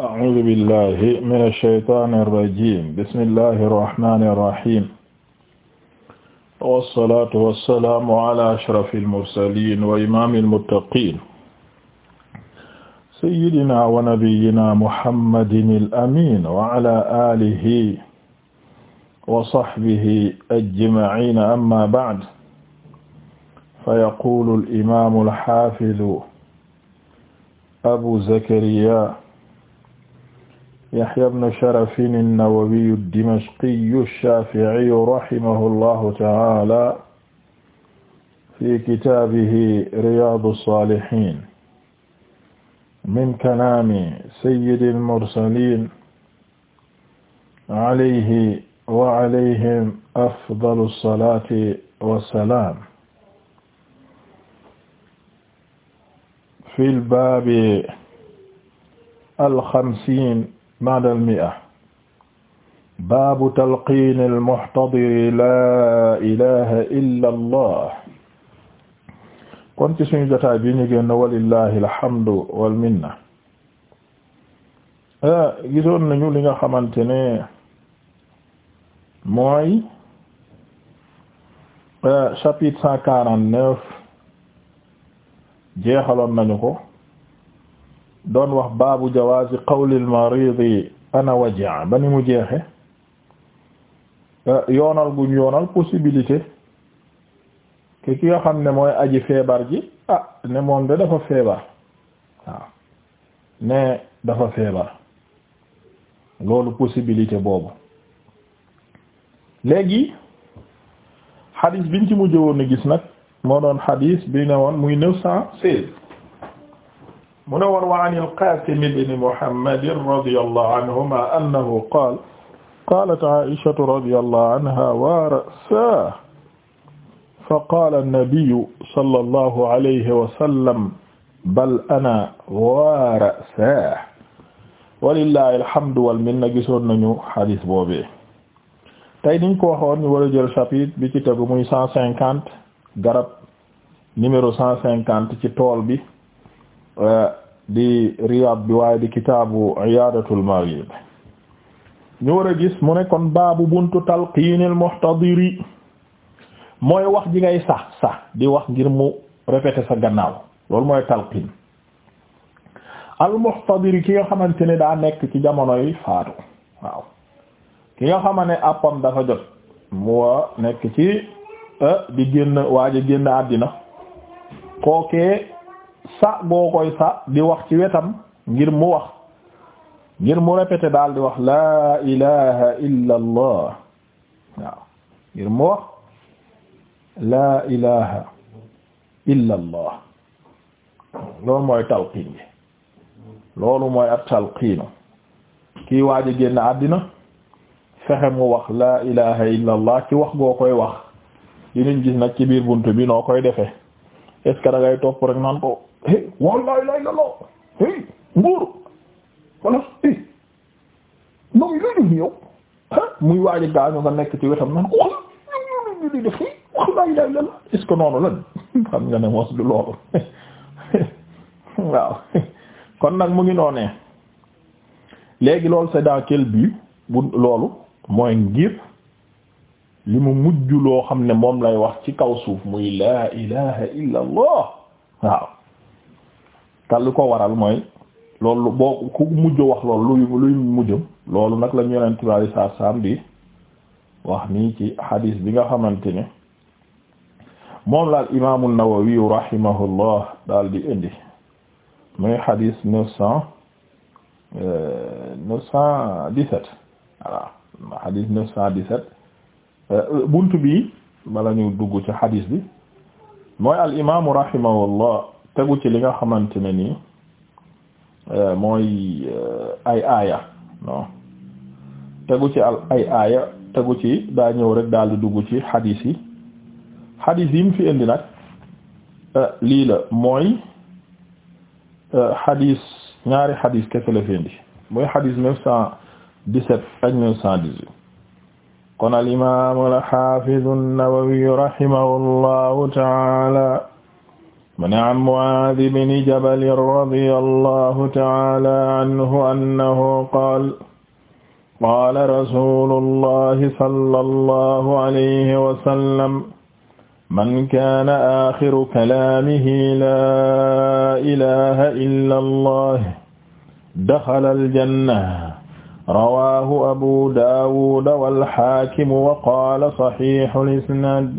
a'uuzu billahi mina shaytaani rajiim bismillahi rahmaani rahiim wassalaatu wassalaamu ala ashrafil mursaliin wa imaamil muttaqiin sayyidinaa wa nabiyyinaa muhammadinil amiin wa ala aalihi wa sahbihi ajma'iin amma ba'd fayaquulul imaamul haafidu abu zakariyaa Yahya ibn Sharafin an-Nawawi ad-Dimashqi ash-Shafi'i rahimahullahu ta'ala fi kitaabihi Riyaadu as-Saalihiin min kalaami sayyidil mursaliin alayhi wa alayhim afdalu as-salaati was-salaam fil baabi al-xamsiin ba'da al-mi'a baabu talqiin al-muhtadiri laa ilaaha illa allah kon ci suñu jotaay bi ñu génn walillahi alhamdu wal minna ah, gisoon nañu li nga xamante ne mooy ah, chapitre cent quarante neuf jeexaloon nañu ko doon wax baabu jawaazi qawlil maridi ana waja ba ni mu jeexe eh, yoonal guñ yoonal possibilité ke ki nga xam ne mooy aji feebar ji ah ne moom de dafa feebar waaw ne dafa feebar loolu possibilité boobu léegi xadiis biñ ci mujj woon gis nag moo doon xadiis bi ne woon muy neuf cent seize mu ne woon wa an al-Qaasim ibn Muhammad radiyallahu anhuma annahu qaala qaalat Aisha radiyallahu anha wa ra'sahu faqaala an-nabiyyu sallallahu alayhi wa sallam bal ana wa ra'sahu walillahi alhamdu wal minna gisoon nañu hadis boobee tey niñ ko waxoon ñu war a jël chapitre bi ci tegu muy cent cinquante garab numéro cent cinquante ci tool bi euh, di Riyad bi waaye di kitaabu Iyaadatul Marid ñu war a gis mu ne kon baabu buntu talqiinil muhtadiri mooy wax ji ngay sax sax di wax ngir mu répéter sa gannaaw loolu mooy talqiin al ki nga xamante ni daa nekk ci jamonoy faatu waaw ki nga xama àppam dafa jot mu nekk ci eh, di génn waaja génn àddina kookee sa boo koy sa di wax ci wetam ngir mu wax ngir mu répété daal di wax laa ilaha illa allah waaw ngir mu wax laa ilaha illa loolu mooy talqiin bi loolu mooy ab talqiinu kii waaj génn àddina fexe mu wax laa ilaha illa ci wax goo koy wax dinañ gis nag ci biir bunt bi noo koy defee est ce que da ngay topp rek naan ko eh wallaahi lay la loo eh nguur muy waaj a nga nekk ci wetam naan ko wax lay la est ce noonu la xam nga ne mos du loolu waaw kon nag mu ngi noonee léegi lool c'est dans quel but bu loolu mooy ngir. li mu mujj loo xam ne moom lay wax ci kaw suuf muy laa ilaha illa waaw te lu ko waral mooy loolu boo ku mujj wax loolu luy luy loolu nag la ñu yonent bi alei saatu bi wax nii ci hadis bi nga xamante ne moom laal imaamu Nawawi rahimahullah daal di indi muy hadis neuf cent euh, neuf cent dix-sept voilà hadis cent dix Euh, bunt bi bala ñu dugg ci xadiis bi mooy al imaamu rahimahullah tegu ci li nga xamante ne nii euh, mooy euh, ay aaya non tegu ci al ay aaya tegu ci daa ñëw rek daal di dugg ci xadiis yi xadiis yi mu fi indi nag lii la mooy xadiis ñaari xadiis kese la fi indi mooy xadiis neuf cent dix-sept ak neuf cent dix-huit kon al imaam al xaafiz an-Nawawi rahimahullahu ta'ala man an Mu'aaz ibn Jabal radiyallahu ta'ala anhu annahu qaala qaala rasuulullahi sallallahu alayhi wa sallam man kaana aaxiru kalaamihi laa ilaaha illa Allah daxala al-janna rawaahu abu daawud wal xaakim wa qaala saxiixul isnaad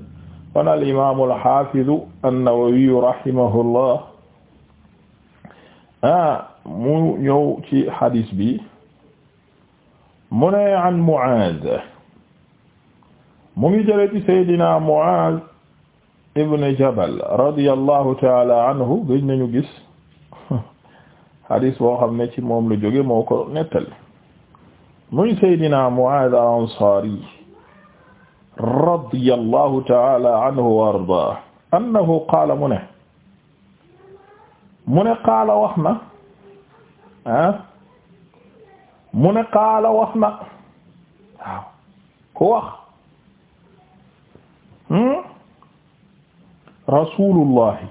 kon al imaam al xaafiz an-nawawi rahimahullah ah mu ñëw ci xadis bi mu ne an Muaaz mu ngi jële ci saydina Muaaz ibn Jabal radiyallahu taala anhu gëj nañu gis xadis boo xam ne ci moom la jóge moo ko nettali muy Seydina Muaaz al-Ansaari radiyallahu ta'ala anhu wa ardaah annahu qaala mu ne mu ne qaala wax na ah mu ne qaala wax na waaw ku wax hmm, rasulullahi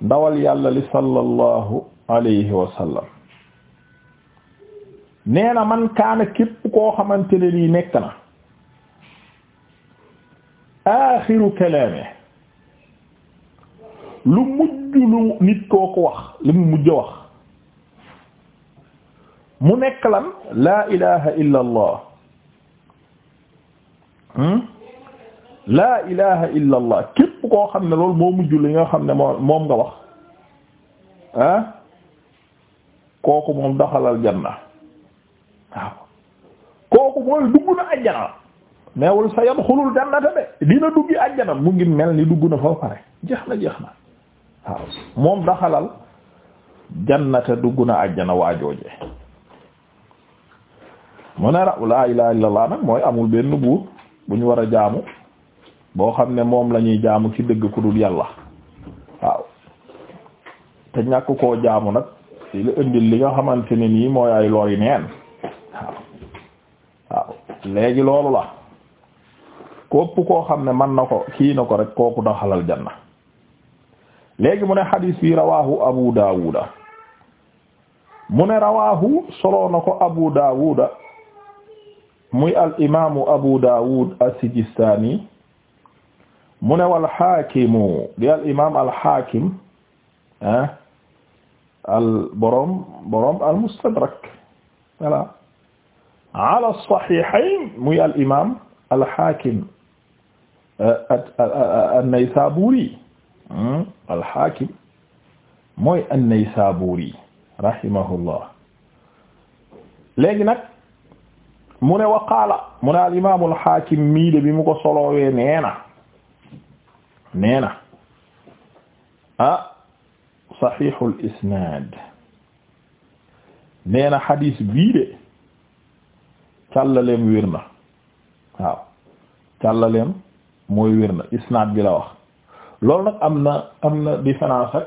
dawal yàlla li sallallahu alayhi wa sallam neena man kaana képp koo xamante ne nii nekk na aaxiru kalaame lu mujj lu nit koo ko wax li mu mujj wax mu nekk lan laa hmm? ilaha illa allah képp koo xam ne loolu moo mujj li nga xam ne moom nga wax ah kooku moom daxalal janna waaw kooku mooy dugg na ajjana neewul sa yadxulul jannata de dina duggi ajjana mu ngi mel ni dugg na fa pare jeex na jeex na waaw moom daxalal jannata dugg na ajjana waajooje mu ne la laa nag mooy amul benn buur bu ñu war a jaamu boo xam ne moom la ñuy jaamu ci dëgg ku dul yàlla waaw te ñàkk koo jaamu nag lu indil li nga xamante ne nii mooy ay lori neen waaw léegi loolu la kopp koo xam ne man na ko kii na ko rek kooku daxalal janna léegi mu ne xadiis bi rawaahu abu daawuda mu ne rawaahu soloo na ko abu daawuda muy al imaamu abu daawud as-sijistaani mu ne wal xaakimu di al imaam al xaakim ah al borom borom al mustadrak voilà ala sahihayn muy al imam al hakim eh, an-Naysaburi hmm, al hakim mooy an-Naysaburi rahimahullah léegi nag mu ne waqaala mu ne al imam al hakim mii de bi mu ko solowee neena neena ah sahihul isnad neena hadis bii de càllaleem wér na waaw càllaleem mooy wér na isnaad bi la wax loolu nag am na am na différence ak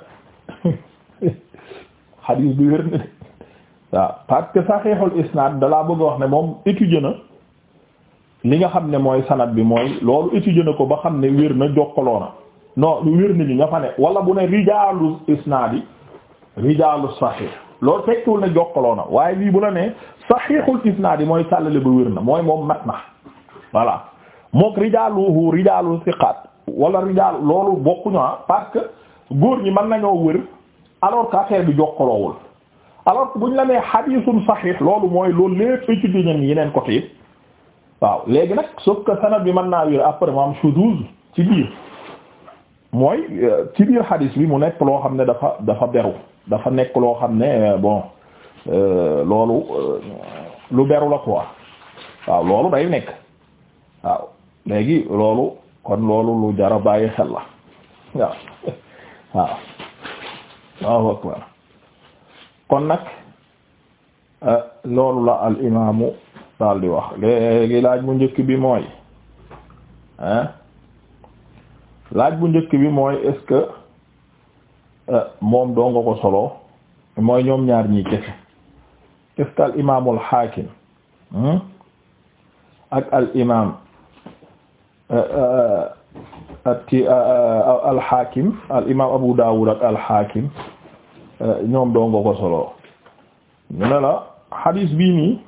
xadiis bi wér na waaw parce que saxiixul isnaad dalaa bëgg a wax ne moom étudier na li nga xam ne mooy sanad bi mooy loolu étudier na ko ba xam ne wér na jokkaloo na non wér na li nga fa ne wala bu ne rijaalu isnaad yi rijaalu saxiix loolu fekkiwul na jokkaloo na waaye lii bu la nee saxiixul isnaad yi mooy sàllale ba wér na mooy moom mat na voilà mook rijaaluhu rijaalu siqaat wala rijaal loolu bokkuñu ah parce que góor ñi mën nañoo wér alors ka affaire bi jokkaloowul alors que bu ñu la nee xadiisun saxiix loolu mooy loolu lépp étudier ñen yeneen côté yi waaw léegi nag sauf que sanad bi mën naa wér après mu am ci biir mooy ci biir xadiis bi mu nekk loo xam ne dafa dafa beru dafa nekk loo xam ne euh, bon euh, loolu euh, lu beru la quoi waaw loolu day nekk waaw léegi loolu kon loolu lu jara bàyyi xel la waaw waaw Allahu akbar kon nag loolu la al imaamu daal di wax léegi laaj bu njëkk bi mooy hein laaj bu njëkk bi mooy est-ce que Euh, moom doo ko solo mooy ñoom ñaar ñii kese kese al hmm? al imaam euh, euh, al Haakim al imaam Abu Daawud ak al Haakim ñoom doo ko solo ñu ne la xadiis bii nii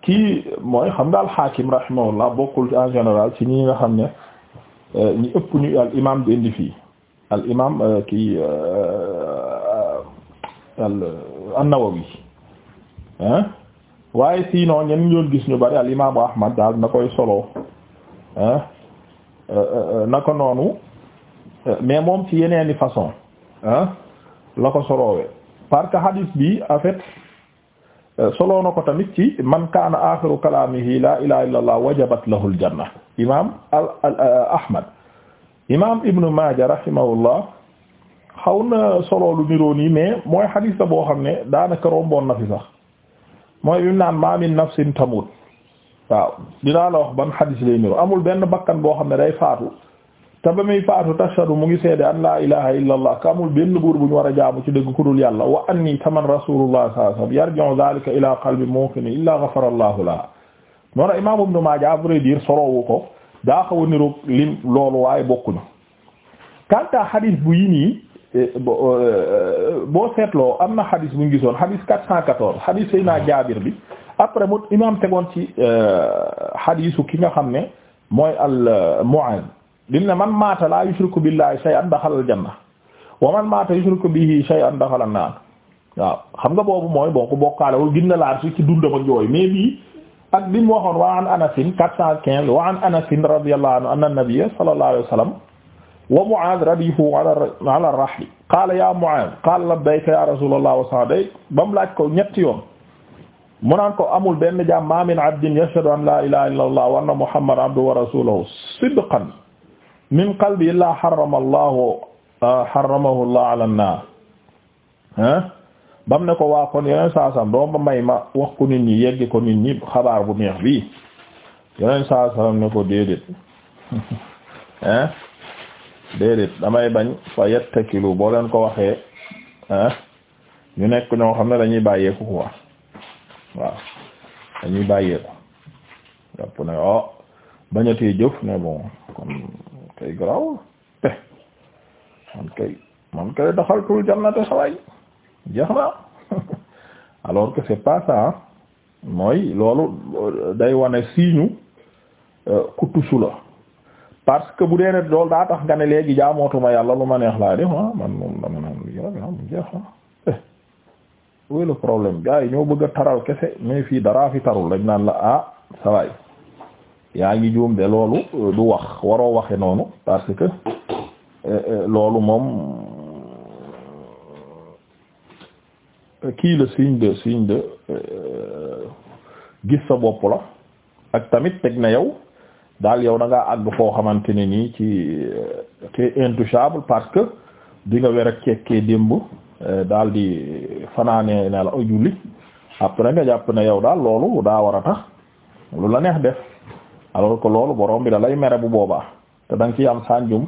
kii mooy xam nga al Haakim rahimahullah bokkul en général ci ñi nga xam ne ñi ëpp ñu al imaam di fii al imaam euh, kii euh, euh, an-Nawawi ah waaye sinon ñenn ñoon gis ñu bari al imaamu Ahmad daal na koy solo ah na ko noonu mais moom ci yeneeni façon ah la ko soloowe parce que hadis bi en fait soloo na ko tamit ci man kaana axiru kalaamihi la ilaha illa allah wajabat lahu al janna imaam al Ahmad imaam Ibn Maaja rahimahullah xaw na solo lu niroo nii mais mooy xadiis la boo xam ne daanaka romboon na fi sax mooy bi mu naan ma min nafsin tamut waaw dinaa la wax ban xadiis lay niroo amul benn bakkan boo xam ne day faatu te ba muy faatu tashhadu mu ngi seede an laa ilaha illa allah ka amul benn buur bu ñu war a jaamu ci dëgg ku dul yàlla wa anni taman rasulullah sallallahu alayhi wasallam yarji'u dhalika ila qalbi muqin illa ghafara allahu laha moo tax imaam Ibn Maaja à vrai dire sorowu ko daa xaw a niroog lim loolu waaye bokkuñu quant à xadis bu yi eh, eh, boo seetloo am na xadis bu ñu gisoon xadis 414 xadis Seydina ah. Jaabir bi après mu imaam tegoon ci eh, xadisu ki nga xam ne mooy al Mu'aaz lim ne man maata laa yushriku billahi shay'an daxala al janna wa man maata yushriku bihi shay'an daxala an-naar waaw xam nga boobu mooy boo ko bokkaalewul gin na laar si ci dundam ak yooyu mais bii ak bi mu waxoon wa an anasin quatre cent quinze wa an anasin radiyallahu anhu anna nabiyya sallallahu alayhi wa sallam wa Mu'aaz radifu ala rahli qaala ya Mu'aaz qaala labbayka ya rasulallah wa sa'dayk ba mu laaj ko ñetti yoon mu naan ko amul benn jaam ma min abdin yashhadu an la ilaha illa allah wa anna muhammadan abduhu wa rasuluhu sidqan min qalbi illa harrama allahu harramahu allah ala an-naar bam ne ko waa kon yeneen saasam doo ma may ma wax ko nit ñi yegge ko nit ñi xabaar bu neex bii yeneen saasam ne ko déedéet hein déedéet damay bañ fa yettakilu boo leen ko waxee hein ñu nekk ñoo xam ne dañuy bàyyeeku quoi waaw dañuy bàyyeeku jàpp ne oh kon kay garaw eh, man kay man kay daxaltul jannata saway jeex na alors que c'est pas mooy loolu day wane siiñu euh, ku tusu la parce que bu dee ne loolu daa tax nga ne léegi jaamootuma yàlla lu ma neex laa def ah, man moom dama naan lu yàlla mu jeex ah eh, oui le problème gars ñoo bëgg a taral kese mais fii daraa fi tarul dañ naan la ah sawaay yaa ngi juum de loolu euh, du wax waroo waxe noonu parce que euh, loolu moom kii la signe de signe de euh, gis sa bopp la ak tamit teg na yow daal yow da ngaa àgg foo xamante ne nii ci euh, te intouchable parce que di nga wer ak cekkee démb euh, daal di fanaanee na la oh, julli après nga jàpp ne yow daal loolu daa war a tax lu la neex def alors que loolu borom bi da lay mere bu booba te da nga ci am sanjum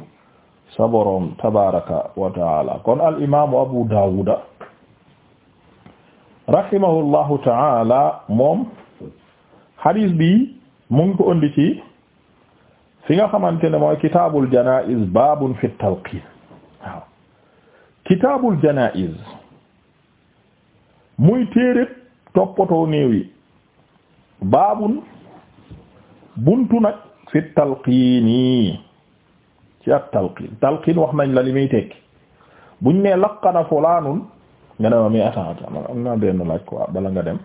sa borom tabaraka wa kon al imaamu Abu Dawuda rahimahullahu taala moom hadis bi mu ngi ko indi fi nga xamante ne mooy kitaabul janaiz babun fi talqin waaw kitaabul janaiz muy téerét toppatoo néew yi baabun buntu nag fi talqiin yi ci at talqiin talqiin wax nañ la li muy tekki buñ ne laqana fulaanun nga ne ma mi attends am naa benn laaj quoi bala nga dem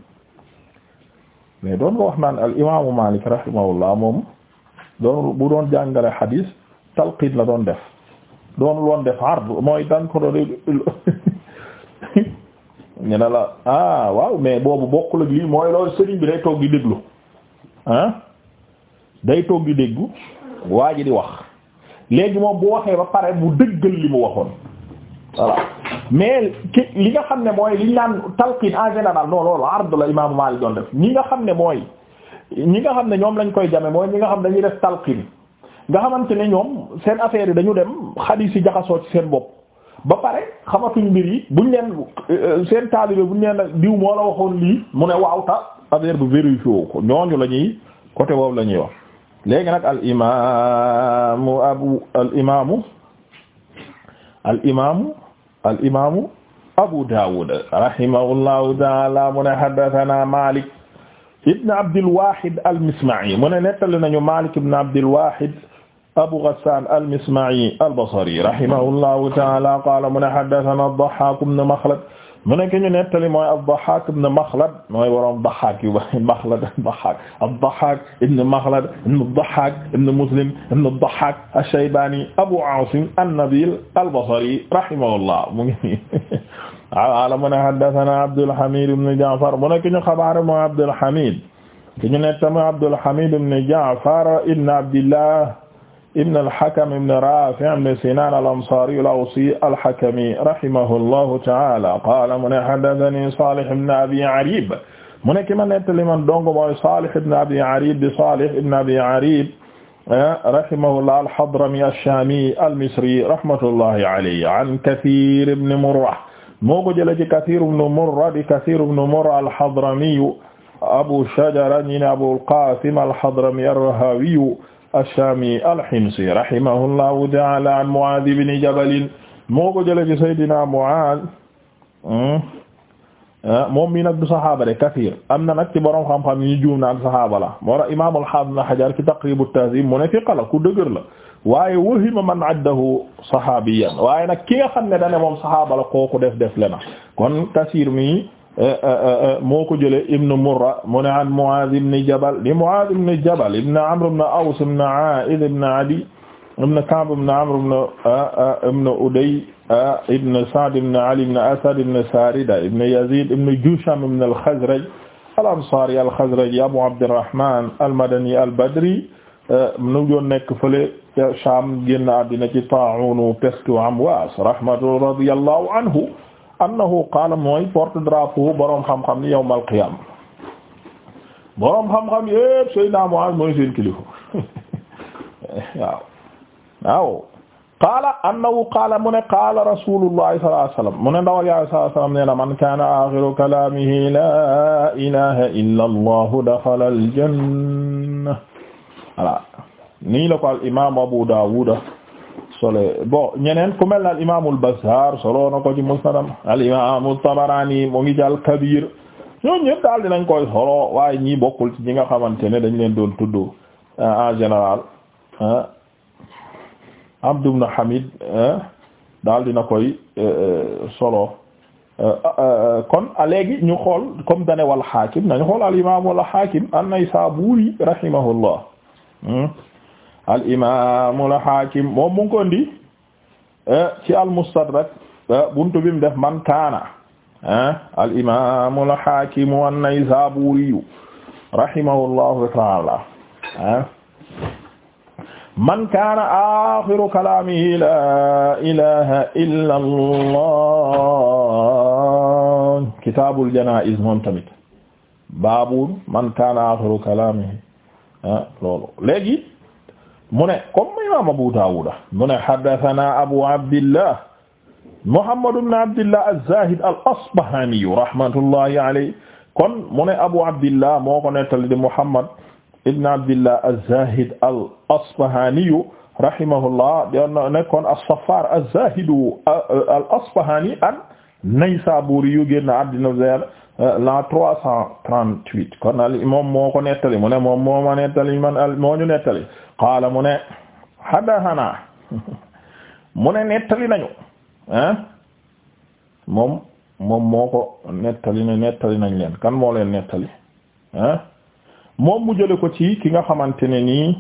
mais doon ko wax naan al imaamu Maalik rahimahullah moom doon bu doon jàngale xadiis talqiin la doon def doon loon def ard mooy daan ko doon ñu ne la ah waaw mais boobu bokkul ak lii mooy loolu sëriñ bi day toog di déglu ah day toog di déglu ji di wax léegi moom bu waxee ba pare mu dëggal li mu waxoon voilà mais ki li nga xam ne mooy li ñu naan talqin en général non loolu ard la imaamu Maalik doon def ñi nga xam ne mooy ñi nga xam ne ñoom lañ koy jame mooy ñi nga xam ne dañuy def talqin nga xamante ne ñoom seen affaire yi dañu dem xadiis yi jaxasoo ci seen bopp ba pare xamatuñ mbir yi bu ñu leen euh, seen taalibe buñ leen diw moo la waxoon lii mu ne waaw ta affaire bu vérifié ko ñooñu la ñuy côté boobu la ñuy wax léegi nag al imaamu abu al imaamu al imaamu al imaamu Abu Dawud rahimahullahu taala mu ne haddathana Malik ibn Abdul Wahid al-Misma'i mu ne nettali nañu Malik ibn Abdul Wahid Abu Ghassan al-Misma'i al-Basri rahimahullahu taala qaala mu ne haddathana ad-Dahhak ibn Makhlad mu ne ki ñu nettali mooy ad-Dahhaak ibn Makhlad mooy waroon Dahhaak yu bari Makhlad Dahhaak ad-Dahhaak ibn Makhlad ibn ad-Dahhaak ibn Muslim ibn ad-Dahhaak ash-Shaybaani Abu Aasim an-Nabiil al-Basri rahimahullah mu ngi nii ala mu ne haddathanaa Abdul Hamiid ibn Ja'far mu ne ki ñu xabaar mooy Abdul Hamiid ki ñu nettali mooy Abdul Hamiid ibn Ja'far ibn Abdillah ibn al-Hakam ibn Rafi' ibn Sinan al-Ansari al-Awsi al-Hakami rahimahullahu ta'ala qala mu ne haddathani Salih ibn Abi Arib mu ne ki ma nettali man dong mooy Salih ibn Abi Arib di Salih ibn Abi Arib eh, rahimahullah al-Hadrami ash-Shami al-Misri rahmatullahi alayhi an Kathir ibn Murra moo ko jëlee ci Kathir ibn Murra di Kathir ibn Murra al-Hadrami Abu Shajara ñi ne Abu al-Qasim al-Hadrami ar-Rahawi ash-Shami al-Himsi rahimahullahu ta'ala an Mu'adh ibn Jabal moo ko jëlee ci Seydina Mu'adh hmm? ah, moom mii nag du saxaaba de kathir am na nag ci borom xam-xam yi ñu juum naan saxaaba la moo tax Imaam al-Haafiz Ibn Hajar ci Taqrib at-Tahzib mu ne fiqa la ku dëgër la waaye wahima man addahu saxaabiyan waaye nag ki nga xam ne da ne moom saxaaba la kooku def def le na kon kathir mi Eh, eh, eh, moo ko jëlee ibn Murra mu ne an Muaaz ibn Jabal di Muaaz ibn Jabal ibn Amr ibn Aws ibn Aa'id ibn Adi ibn Ka'b ibn Amr ibn Uday ibn Sa'd ibn Ali ibn Asad ibn Saarida ibn Yazid ibn Jusham ibn al-Khazraj al-Ansaari al-Khazraji Abu Abdirrahmaan al-Madani al-Badri nu doon nekk fële ca Shaam génn àddina ci ta'uunu peste Amwaas rahmatu radiyallahu anhu annahu qaala mooy porte drapeau boroom xam-xam ni yawmal qiyaama boroom xam-xam yépp Seydina Muaaz mooy seen kilifa waaw waaw qaala annahu qaala mu ne qaala rasuulullahi sallallahu alayhi wa sallam mu ne ndawal yàlla sallallahu alayhi wa sallam nee na man kaana aaxiru kalaamihi laa ilaaha illa allahu daxala aljanna voilà nii la ko al imaam Abu Daawuda sole bon ñeneen ku mel ne al imaamul Bazzaar solo na ko ci musnadam al imaamu Tabaraani mu ngi ci al Kabir ñooñu ñëpp daal dinañ koy solo waaye ñii bokkul ci ñi nga xamante ne dañ leen doon tudd euh, en général Abdu ibn Hamid daal na koy euh, euh, solo kon léegi ñu xool comme dane wal Haakim nañu xool al imaamul Haakim an-Naysaburi rahimahullah hmm. al imam al hakim moom mu ngi ko indi eh, ci al mustadrak eh, buntu bi mu def man kaana eh, al imam al hakim an-Naysaburi rahimahullahu ta'ala man kaana axiru kalaamihi laa ilaha illa allah kitaabul janaa'iz moom tamit baabun man kaana axiru kalaamihi ah loolu léegi mu ne comme imam Abu Dawuda mu ne haddathana Abu Abdillah Muhammad ibn Abdillah az-Zahid al-Asbahani rahmatullahi alayhi kon mu ne Abu Abdillah moo ko nettali di Muhammad ibn Abdillah az-Zahid al-Asbahani rahimahullah nekkoon as-Saffar az-Zahid al-Asbahani an-Naysaburi yu génn àddina Euh, la trois cent trente-huit kon al moom moo ko nettali mu ne moom moo ma nettali man al moo ñu nettali qaala mu ne hadathana mu ne nettali nañu ah moom moom moo ko nettali ne nettali nañ leen kan moo leen nettali ah moom mu jële ko ci ki nga xamante ne nii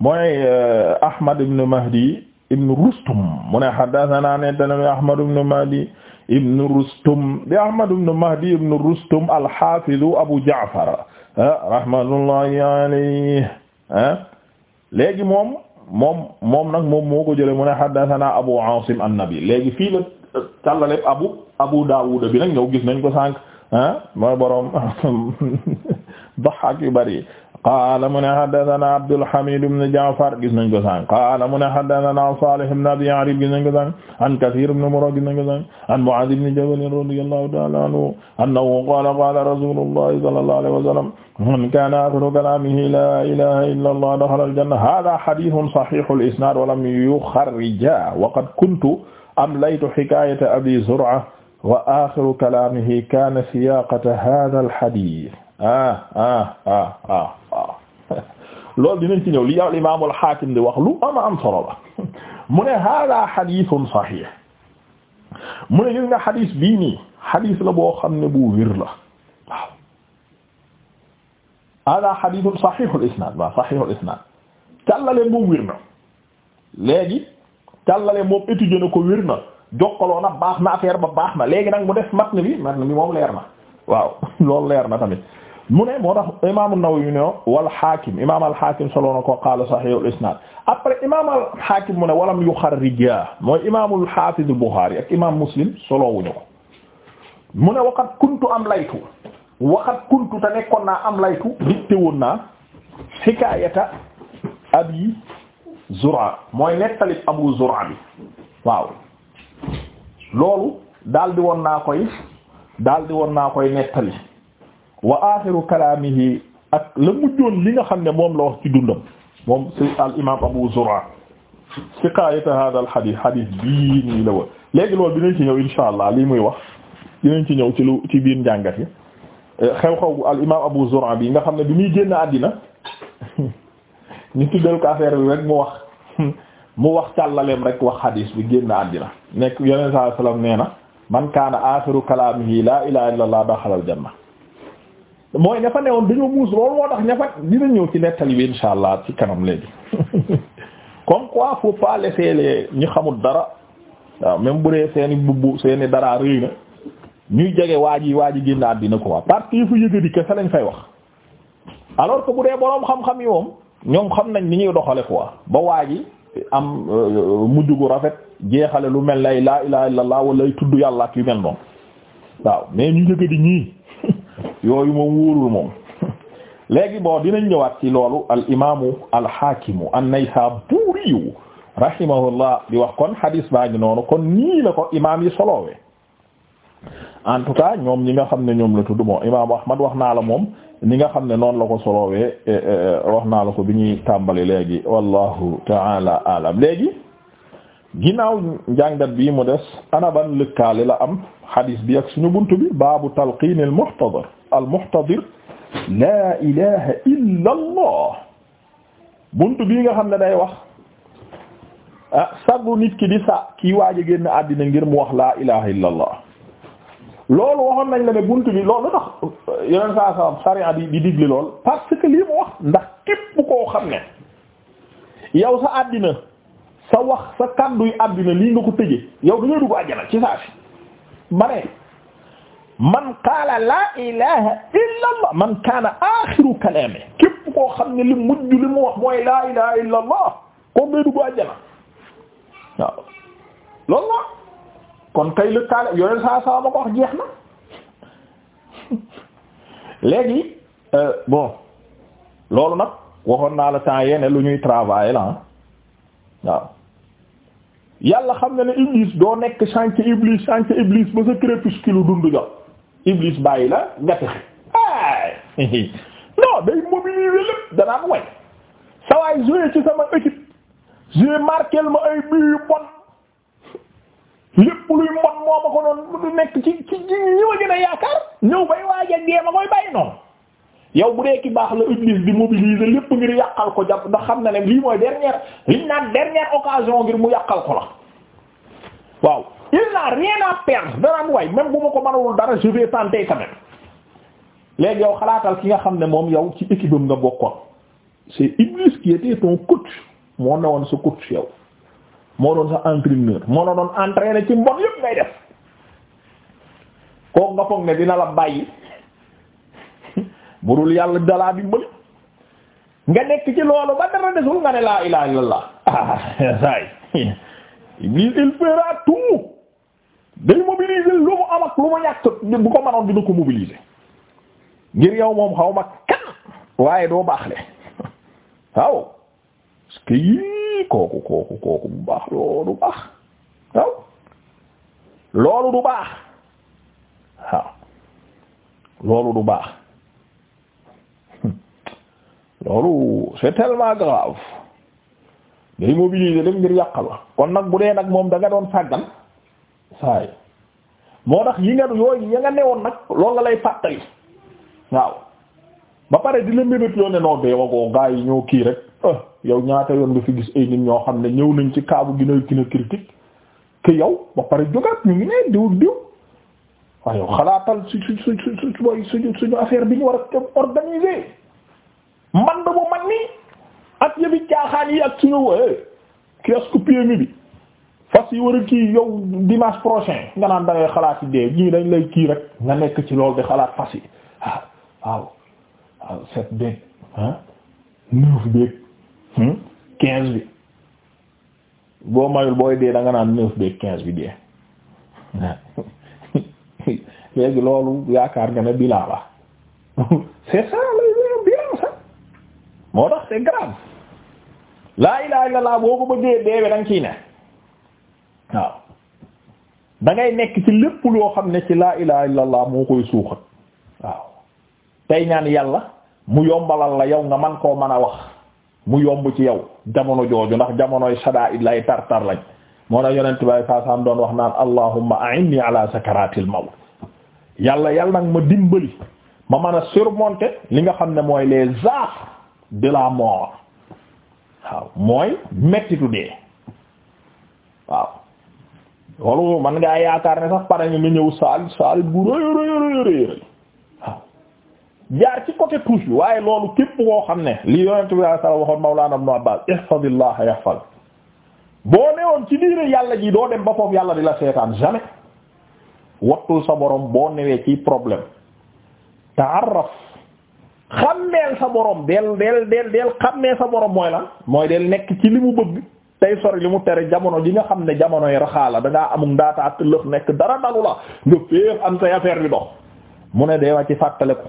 mooy euh, Ahmad ibn Mahdi ibn Rustum mu ne hadathana nettali Ahmad ibn Mahdi ibn Rustum bi Ahmad ibn Mahdi ibn Rustum al-Hafiz Abu Ja'far ah, rahmatullahi alayhi ah. léegi moom moom moom nag moom moo ko jëlee mu ne haddathana Abu Asim an-Nabi léegi fii la tallale Abu Abu Dawud bi nag ñëw gis nañ ko sànq ah mooy borom Dahhak yu bari qaala mu ne haddathana Abdulhamid ibn Ja'far gis nañ ko sànq qaala mu ne haddathana Salih ibn Abi Arib gis nañ ko sànq an Kathir ibn Murra gis nañ ko sànq an Mu'adh ibn Jabal radiyallahu ta'ala anhu annahu qaala qaala rasulullahi sallallahu alayhi wa sallam man kana akhiru kalamihi la ilaha illa Allah dakhala al-janna hadha hadithun sahihul isnad wa lam yukharrijah wa qad kuntu amlaytu hikayata Abi Zur'a wa akhiru kalamihi kana siyaqata hadha al-hadith ah ah ah ah ah loolu dinañ ci ñëw li yow Imaam al wax lu am solo la mu ne hada hadithun sahih mu ne gis nga hadith bii nii hadith la boo xam ne bu wér la waaw hada hadithun sahihul isnad waaw sahihul isnad càllale moom wér na léegi càllale moom étudié na ko wér na jokkaloo na baax na affaire ba baax na léegi nag mu def matn bi matn mi moom leer na waaw loolu leer na tamit mu ne moo tax imaam an-Nawawi ne wal solo na ko qaala sahih al-isnaad après imaam al-Haakim mu walam yuxarrijaa mooy imaamul Haafiz al ak imaam Muslim solo wuñu ko mu ne waqad am laytu waqad kuntu te nekkoon naa am laytu dicté woon naa xikaayata Abi Zur'a mooy nettali Abu Zur'a bi waaw loolu daal woon naa koy daal woon naa koy nettali. wa aaxiru kalaamihi ak la mujjoon li nga xam ne moom la wax ci dundam moom si al imaam Abu Zur'a siqaayata hada al hadith hadith bii nii la woon léegi loolu dinañ ci ñëw insha allah lii muy wax dinañ ci ñëw ci lu ci biir njàngat yi xew-xew bu al imaam Abu Zur'a bi nga xam ne bi muy génn àddina ñu tuddal ko affaire bi rek mu wax mu wax càllaleem rek wax hadith bi génn àddina nekk yeneen saa salaam nee na man kaana aaxiru kalaamihi laa ilaaha illallaah daxalal janna mooy ña fa newoon dañoo muus loolu moo tax ña fa dina ñëw ci nettali bi insha allah ci kanam léegi comme quoi foo pas laisser ñi xamul dara waaw même bu dee seeni bubbu seeni dara rëy na ñuy jege waa ji waa ji génn àddina ko waa parti fu yëgadi kese lañ fay wax alors que bu dee boroom xam-xam yi moom ñoom xam nañ ni ñuy doxale quoi ba waa ji am euh, mujj gu rafet jeexale lu mel na ay laa ilaha illallah wala tudd yàlla ak yu mel noonu waaw mais ñu yëgadi yooyu moom wóorul moom léegi bon dinañ ñëwaat ci loolu al imaamu al hakimu an-Naysaburiyu rahimahullah di wax kon hadis baa ngi noonu kon nii la ko imaam yi soloowe en tout cas ñoom ñi nga xam ne ñoom la tudd bon imaamu Ahmad wax naa la moom ñi nga xam ne noonu la ko solowee eh, eh, eh, wax naa la ko bi ñuy tàmbali léegi wallahu taala alam léegi ginnaaw njàngat bi mu des ana ban lëkkaale la am hadis bi ak suñu buntu bi baabu talqiin al muhtadar al muhtadir laa nga xam ne day wax ah saggu nit ki di sa kii waaj a génn àddina ngir mu wax laa ilaha illa allah nañ la ne buntu bi loolu tax eh, yeneen saa lool parce que lii mu wax ndax képp koo xam ne yow sa àddina sa wax sa kàdduy àddina lii nga ko tëje yow da ngay dugg àjjana ci saa si man qaala laa ilaha man kaana axiru kalaame képp koo xam ne li mujj li mu wax mooy laa ilaha illa allah koo ngay dugg àjjana waaw loolu la kon kay lë kaale yooyu saa saa ma ko wax jeex na léegi euh, bon loolu nag waxoon naa la temps yene lu ñuy travailler la waaw yàlla xam na ne iblis doo nekk sànq iblis sànq iblis ba sa crépuscule dund jot iblis bàyyi la nga texe ay non day mobiliser lépp danaan way sawaay joué ci sama équipe j'ai marqué ma ay but yu bon lépp luy mon moo ma ko doon nekk ci ci ñi ma gën a yaakaar ñëw bay waaja dee ma koy bàyyi noonu yow bu dee ki baax la Iblis di mobiliser lépp ngir yàqal ko jàpp ndax xam na ne lii mooy dernière liñ naan dernière occasion ngir mu yàqal ko la waaw il n'a rien à perdre danaan waay même bu ma ko manawul dara je vais tenter quand léegi yow xalaatal ki nga xam ne moom yow ci équipe am nga bokkoon c'est Iblis qui était ton coach moo newoon sa coach yow moo doon sa entraîneur moo la doon entraîner ci mbon yëpp ngay def kooku nga foog ne dina la bàyyi bu dul yàlla dalaa dimbali nga nekk ci loolu ba dara desul nga ne laa ilaha illallah saay Iblis il fera tout day mobiliser lu mu am lu mu ñàkk bu ko manoon dina ko mobiliser ngir yow moom xaw ma kan waaye doo baaxle waaw parce que yii kooku kooku kooku bu baax loolu du baax waaw loolu du baax waaw loolu du baax loolu c'est tellement grave day mobiliser def ngir yàq la kon nag bu dee nag moom da nga doon sàggan saay moo tax yi nga yooyu ya nga newoon nag lool la lay fàttali waaw ba pare di la mbirut yoon ne noo deewagoo gaa yi ñoo kii rek yow ñaata yoon nga fi gis ay ñoo xam ne ñëw nañ ci kaabu gi gën a critique que yow ba pare jógaat ñu ngi ne diw diw waaye yow xalaatal su su su su suñu affaire bi ñu war a man da bu mag nii ak yëfi caaxaan yi ak suñu eh, kiosque PMU bi fas yi war a kii yow dimanche prochain nga naan da ngay xalaat ñii dañ lay kii rek nga nekk ci loolu di xalaat fas yi waaw ah, waaw waaw sept ah neuf beeg hmm? quinze bi boo mayul booy dee da nga naan neuf beeg quinze bi dee léegi loolu yaakaar nga ne bilaa la c'est ça moo tax c'est grave laa ilaha illallah boo ko bëggee deewee da nga ne waaw da nekk ci lépp loo xam ne ci laa ilaha illallah moo koy suuxat waaw tey ñaan yàlla mu yombalal la yow nga man koo mën a wax mu yomb ci yow jamono jooju ndax jamonoy shadaa'id lay tartar lañ moo tax yonent bi saa saam doon wax naan allahumma a'inni ala sakaratil mawt yàlla yàlla nag ma dimbali ma mën a li nga xam ne mooy les affres de la mort waaw mooy mettitu dee waaw loolu man ngaa yaakaar ne sax pare nga ñëw saalit saalit bu rëy rëy rëy jaar ci côté touche bi waaye loolu képp koo xam ne li yonent bi wa sallam waxoon Mawlana ci yàlla ji doo dem ba foofu yàlla di la seetaan jamais wattul sa borom boo newee ci problème ta'arraf xammeel sa borom del del del del xammee sa borom mooy lan mooy del nekk ci li mu bëgg tey sori li mu tere jamono ji nga xam ne jamono yi raxaa la dangaa amul daata at lëx nekk dara dalu la nga féef am say affaire bi dox mu ne deewa ci fàttale ko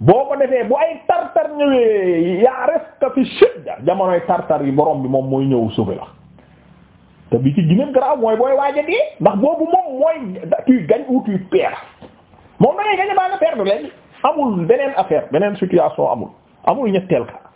boo ko defee bu ay tartar ñëwee yaa ref fi shidda jamonoy tartar yi borom bi moom mooy ñëw suufi la te bi ci gën a grave mooy booy waaja dee ndax boobu moom mooy tu gagnes ou tu moom da ngay gagner amul beneen affaire beneen situation amul amul ñetteel ka